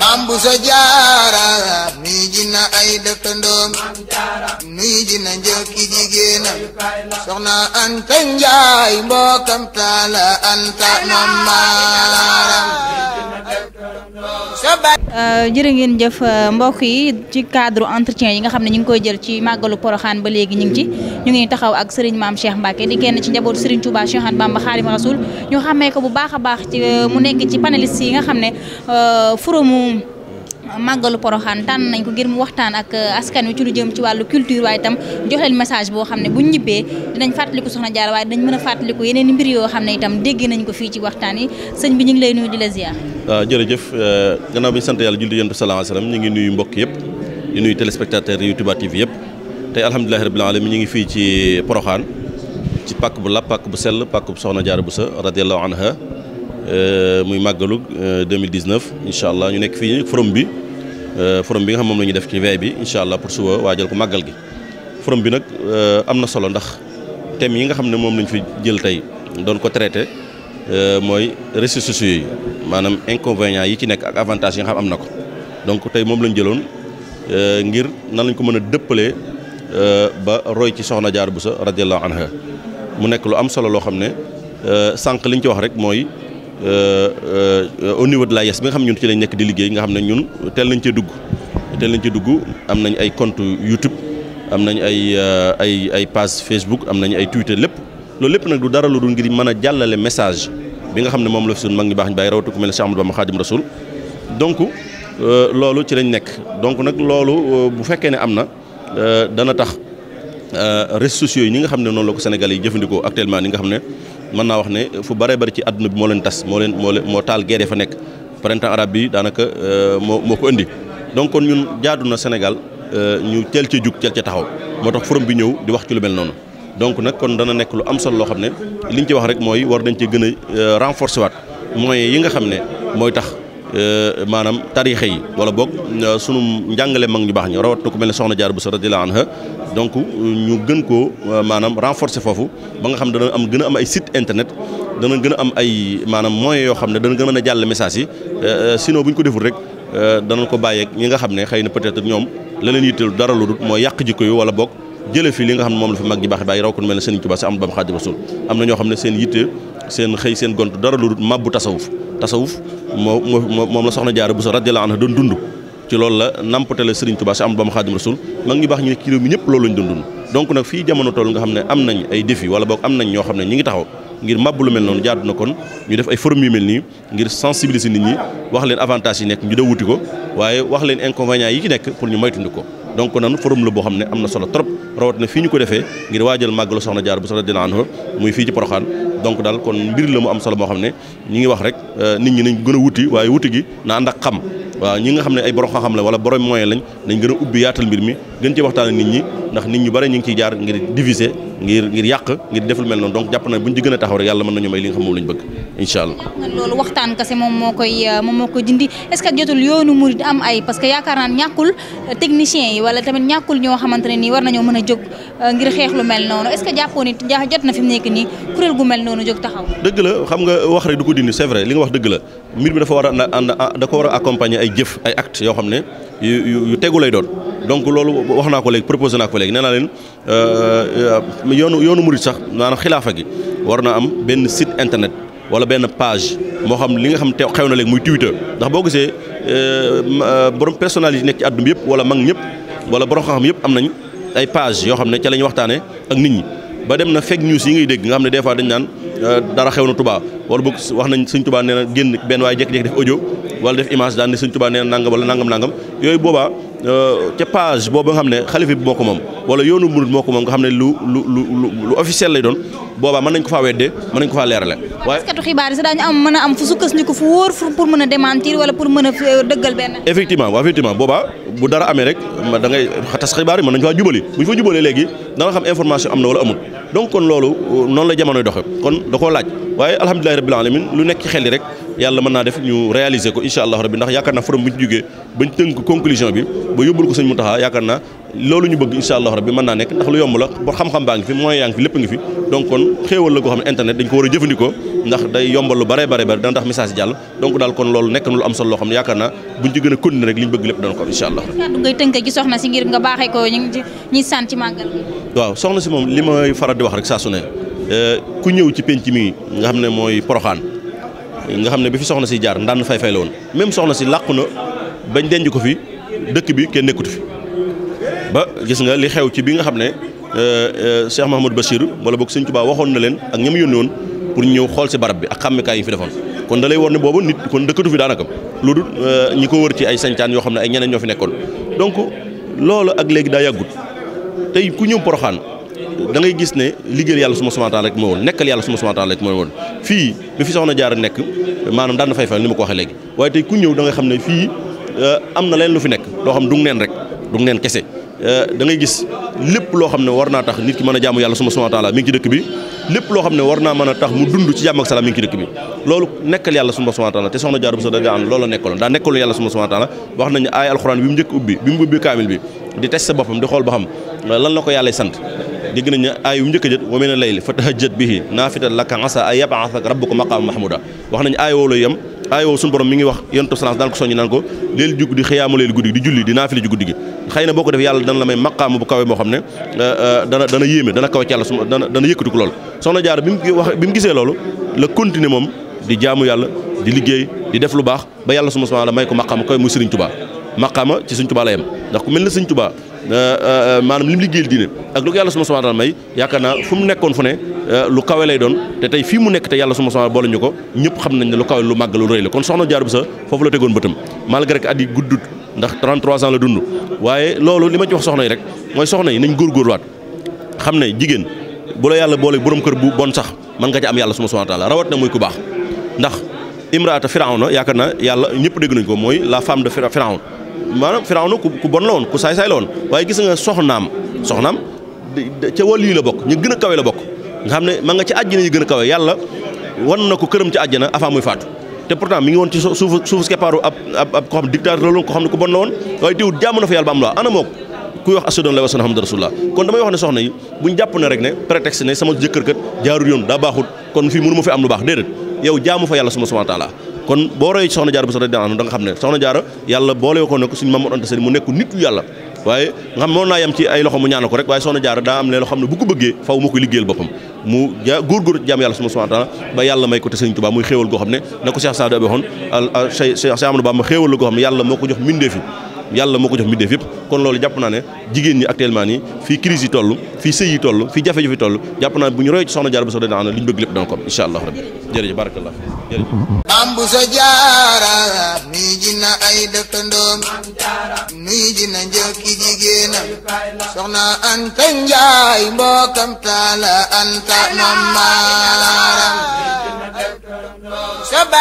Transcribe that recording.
Bambusa jaara na ay dëkkandoom nuy dina njëkki jigéenam soxna Anta Njaay mbokkam taala Anta mamaaram euh, jërë ngeen jëf euh, mbokk yi ci cadre entretien yi nga xam ne ñu ngi koy jël ci màggalu poroxaan ba léegi ñu ngi ci ñu ngi taxaw ak sëriñ Maam Cheikh Mbacke di kenn ci njabootu Serigne Touba Cheikh Ahmadou Bamba Xaadimu Rasuul ñu xamee ko bu baax baax ci euh, mu nekk ci panélistes yi nga xam ne forum màggalu poroxaan tànn nañ ko ngir mu waxtaan ak uh, askan wi ci lu jëm ci wàllu culture waaye itam jox message boo xam ne bu ñibbee dinañ fàttaliku soxna Jaara waaye dinañ mën yeneen mbir yoo xam ne itam dégg ko fii ci waxtaan yi sëñ bi ñu ngi lay nuyu di uh, gannaaw bi sant yàlla julli yonent bi sallallahu alayhi wasallam ñu ngi nuyu mbokk yëpp di nuyu téléspectateur yu Touba TV yëpp tey alhamdulilahi rabbil alamin ñu ngi fii ci poroxaan ci pàkk bu lab pàkk bu sell pàkk bu soxna Jaara Buso radiyallahu anha uh, muy màggalu 2019 incha allah ñu nekk fii forom bi Euh, forum bi nga xam moom la ñuy def ci veille bi incha allah pour suba waajal ko màggal gi. forum bi nag euh, am na solo ndax thèmes yi nga xam ne moom lañu fi jël tey doon ko traité euh, mooy réseaux yi maanaam inconvénients yi ci nekk ak avantages yi nga xam am na ko donc tey moom lañ jëloon ngir nan lañ ko mën a dëppalee ba roy ci soxna bu Bousso radiyallahu anha mu nekk lu am solo loo xam ne sànq liñ ci wax rek mooy. Euh, euh, au niveau de la YES bi nga xam ñun ci lañ nekk di liggéey nga xam ne ñun teel nañ cee dugg teel nañ cee dugg am nañ ay compte YouTube am nañu euh, ay ay ay page Facebook am nañ ay Twitter lépp loolu lépp nag du dara lu dul ngir mën a jàllale message bi nga xam ne moom la fi suñu mag ñi baax ñu bàyyi rawatu ku mel ne Cheikh Amadou Bamba Khadim Rasoul donc loolu ci lañ nekk donc nag loolu bu fekkee ne am na dana tax réseaux sociaux yi ñi nga xam ne noonu la ko Sénégal yi jëfandikoo actuellement ni nga xam ne mën naa wax ne fu bare bëri ci àdduna bi moo leen tas moo leen moo leen taal guerre fa nekk printemps arabe bi daanaka euh, moo moo ko indi donc kon ñun jaadu na Sénégal euh, ñu teel ca jug teel ca taxaw moo tax forum bi ñëw di wax ci lu mel noonu donc nag kon dana nekk lu am solo loo xam ne li ñu ci wax rek mooy war nañ ci gën a euh, renforcer waat mooy yi nga xam ne mooy tax. Euh, maanaam tariixa yi wala boog euh, sunu njàngale mag ñu baax ñi rawat na ko mel ne soxna jaar bu sa radiyallahu anha donc ñu gën ko euh, maanaam renforcer foofu ba nga xam dana am gën a am ay site internet dana gën a am ay maanaam moyens yoo xam ne dana gën a mën a jàll message yi sinon bu ñu ko deful rek danañ ko bàyyeeg ñi nga xam ne xëy na peut-être ñoom la leen yitteel dara lu dul mooy yàq jikko yu wala boog jële fi li nga xam ne moom la fi mag ñi baax bàyyi raw seen xëy seen gont dara lu màbbu tasawuf tasawuf moo moo moom la soxna jaar bu sa radiyallahu anha doon dund ci loolu la nampatale sëriñ Tuubaa si am ba ma xaadim rasul mag ñu baax ñu ne ci fii jamono nga xam ne am nañ ay wala boog am ñoo xam ne ñi ngi taxaw ngir màbb lu mel noonu jaadu na kon ñu def ay forum yu mel nii ngir sensibiliser nit ñi wax leen avantage yi nekk ñu wuti ko waaye wax leen inconvénients yi ci nekk pour ñu moytundi ko donc nan forum la boo xam ne am na solo trop rawat na fii ñu ko defee ngir waajal màggalu soxna jaar bu soxna dina anha muy fii ci Poroxaan donc daal kon mbir la mu am solo moo xam ne ñi ngi wax rek euh, nit ñi nañ gën a wuti waaye wuti gi na ànd ak xam waaw ñi nga xam ne ay boro xam-xam la wala borom moyen lañ nañ gën a ubbi yaatal mbir mi gën ci waxtaan ak nit ñi ndax nit ñu bari ñu ngi ciy jaar ngir diviser ngir yàq ngir def lu mel noonu donc jàpp na buñ ci gën a taxaw rek yàlla mën nañu may li nga xam am ay parce que yaakaar naa ñàkkul technicien yi wala tamit ñàkkul ñoo xamante ne nii war nañoo mën a jóg euh, ngir xeex lu mel noonu est jàppoo ni jot na fi mu nekk nii kuréel gu mel noonu jóg taxaw. dëgg la xam nga wax rek du ko dindi c'est li nga wax dëgg la mbir mi dafa war a da ko war a accompagner ay jëf ay acte yoo xam ne yu tegu lay doon donc loolu wax naa ko léegi proposé naa ko léegi nee naa leen euh, euh, yoonu yoonu murid sax maanaam xilaafa gi war na am benn site internet wala benn page moo xam li nga xam te xew na léegi muy Twitter ndax boo gisee euh, borom personnalité yi nekk ci àdduna bi yëpp wala mag ñëpp wala borom xam-xam yëpp am nañ ay page yoo xam ne ca la ñu waxtaanee ak nit ñi. ba dem na fake news yi ngay dégg nga xam ne des fois dañ naan dara xew na Touba wala boog wax nañ Sëñ Touba nee na génn benn waaye jékki-jékki def audio wala def image daan ne Sëñ Tuubaa nee na nangam wala nangam nangam yooyu boobaa euh, ca page boobu nga xam ne xalifa bi ko moom wala yoonu murid moo ko moom nga xam ne lu lu lu lu officiel lay doon boobaa mën nañ ko faa weddee mën nañ ko faa leerale waaye taskatu xibaar am mën a am fu sukkandiku fu wóor pour mën a a euh, dëggal benn effectivement waaw effectivement boobaa bu dara amee rek da léegi dana xam information am na wala amul donc kon loolu euh, noonu la jamonoy doxe kon da laaj waaye alhamdulilahi rabbil alamin lu nekk ci xel yi rek yàlla mën naa def ñu réaliser ko incha allah rabbi ndax yaakaar naa forom bu ñu jógee bañ tënk conclusion bi ba yóbbul ko mu Muntaxa yaakaar naa loolu ñu bëgg incha allah bi mën naa nekk ndax lu yomb la ba xam-xam baa ngi fi moyen yaa ngi fi lépp ngi fi donc kon xéewal la goo xam ne internet dañ ko war a jëfandikoo ndax day yombal lu bare bare bare dana tax message jàll donc daal kon loolu nekk na lu am solo loo xam ne yaakaar naa buñ ci gën a continuer rek li ñu bëgg lépp doon ko incha allah waaw soxna si moom li may faral di wax rek saa su ne euh, ku ñëw ci penc mi nga xam ne mooy poroxaan nga xam ne bi fi soxna si jaar ndànn fay fay la woon même soxna si làqu na bañ denc ko fi dëkk bi kenn nekkatu fi ba gis nga li xew ci bi nga xam ne euh, euh, Cheikh Mahamadou Bachir wala boog Sëñ Tuubaa waxoon na leen ak ñam yónni woon pour ñëw xool si barab bi ak xàmmikaay yi fi defoon kon dalay lay war ne boobu nit kon dëkkatu fi daanaka lu dul euh, ñi ko wër ci ay sañcaan yoo xam ne ay ñeneen ñoo fi nekkoon donc loolu ak léegi daa yàggut tey ku ñëw poroxaan da ngay gis ne liggéeyal yàlla suma subhaanahu rek moo woon nekkal yàlla suma subhaanahu wa rek moo woon fii bi fi soxna jaar nekk maanaam daan na fay fay ni ma ko waxee léegi waaye tey ku ñëw da xam ne fii am na leen lu fi nekk loo xam du neen rek du neen kese Euh, da ngay gis lépp loo xam ne war naa tax nit ki mën a jàmm yàlla suma subhanahu wa taala mi ngi war naa mën a tax mu dund ci jàmm ak salaam mi ngi ci dëkk bi loolu nekkal yàlla suma subhanahu wa taala te soxna Jaara Buso da nga am loola la daa nekkaloon yàlla suma subhanahu wa taala wax nañu aaya alxuraan bi mu njëkk ubbi bi mu ubbi kaamil bi di test sa boppam di xool ba xam lan la ko yàllay sant dégg nañu aay yu njëkk a jët wa mina layli fatahajjat bihi naafilatan laka asaa an yab'asaka rabbuka maqaaman mahmuuda wax nañu aay woolu yam aayoo suñu borom mi ngi wax yonto salance daan ko soññ naan ko léelu jug di xiyaamu léelu guddi di julli di naafili ji guddi gi na boo ko def yàlla dana la may maqaam bu kawe moo xam ne euh, euh, dana dana yéeme dana kawe ci yàlla su dana yëkkatu ko loolu soxna jaar bi mu gisee loolu la continuer moom di jaamu yàlla di liggéey di def lu baax ba yàlla suma subhaanahu wa taala may ko maqaama kawe muy Sëriñ Tuubaa maqaama ci Sëriñ Tuubaa la yem ndax ku mel ne Sëriñ Tuubaa Euh, euh, euh, maanaam li mu liggéeyal diine ak lu ko yàlla suma subhaana taala may yaakaar naa fu mu nekkoon fu ne lu kawe lay doon te tey fii mu nekk te yàlla suma subhaana boole ñu ko ñëpp xam nañ ne lu kawe lu màgg lu rëy la kon soxna Diarra Bousso foofu la tegoon bëtam malgré que at yi guddut ndax 33 ans la dund waaye loolu li ma ci wax soxna yi rek mooy soxna yi nañ góor góorgóorluwaat xam ne jigéen bu la yàlla boole borom kër bu bon sax mën nga ci am yàlla suma subhaana taala na muy ku baax ndax imraata firawna yaakaar naa yàlla ñëpp dégg nañ ko mooy la femme de firawna maanaam Firawna ku bon la woon ku saay saay la woon waaye gis nga soxnaam soxnaam ca wàll la bokk ñu gën a kawe la bokk nga xam ne ma nga ci àjjana yi gën a kawe yàlla wan na ko këram ci àjjana avant muy faatu te pourtant mi ngi woon ci suufu suufu keppaaru ab ab ko xam dictateur la ko xam ne ku bon la woon waaye teewul jàmm na fa yàlla ba am la ana mook kuy wax asadoon la wa sana hamdu rasulullah kon damay wax ne soxna yi buñ jàpp ne rek ne kon boo roy soxna jaara bu sa da nga xam ne soxna jaara yàlla boole ko ne ko suñu maam Mor Anta Sali mu nekk nit yu yàlla waaye nga xam moom naa yam ci ay loxo mu ñaana ko rek waaye soxna jaara daa am leen loo xam ne bu ko bëggee faw moo koy liggéeyal boppam mu ja góorgóor jaam yàlla suma subhanahu ba yàlla may ko te Sëriñ Tuubaa muy xéewal goo xam na ko Cheikh Sadio Abe waxoon Cheikh Amadou Bamba toll fii jafe-jafe yi naa ne bu bëgg lépp dana ko am incha allah rabbi jërëjëf barakallah jërëjëf maam bu sa jaara nuy ji na ay dëkkandoom nuy ji na njëkki jigéenam soxna anta njaay mbokkam taala anta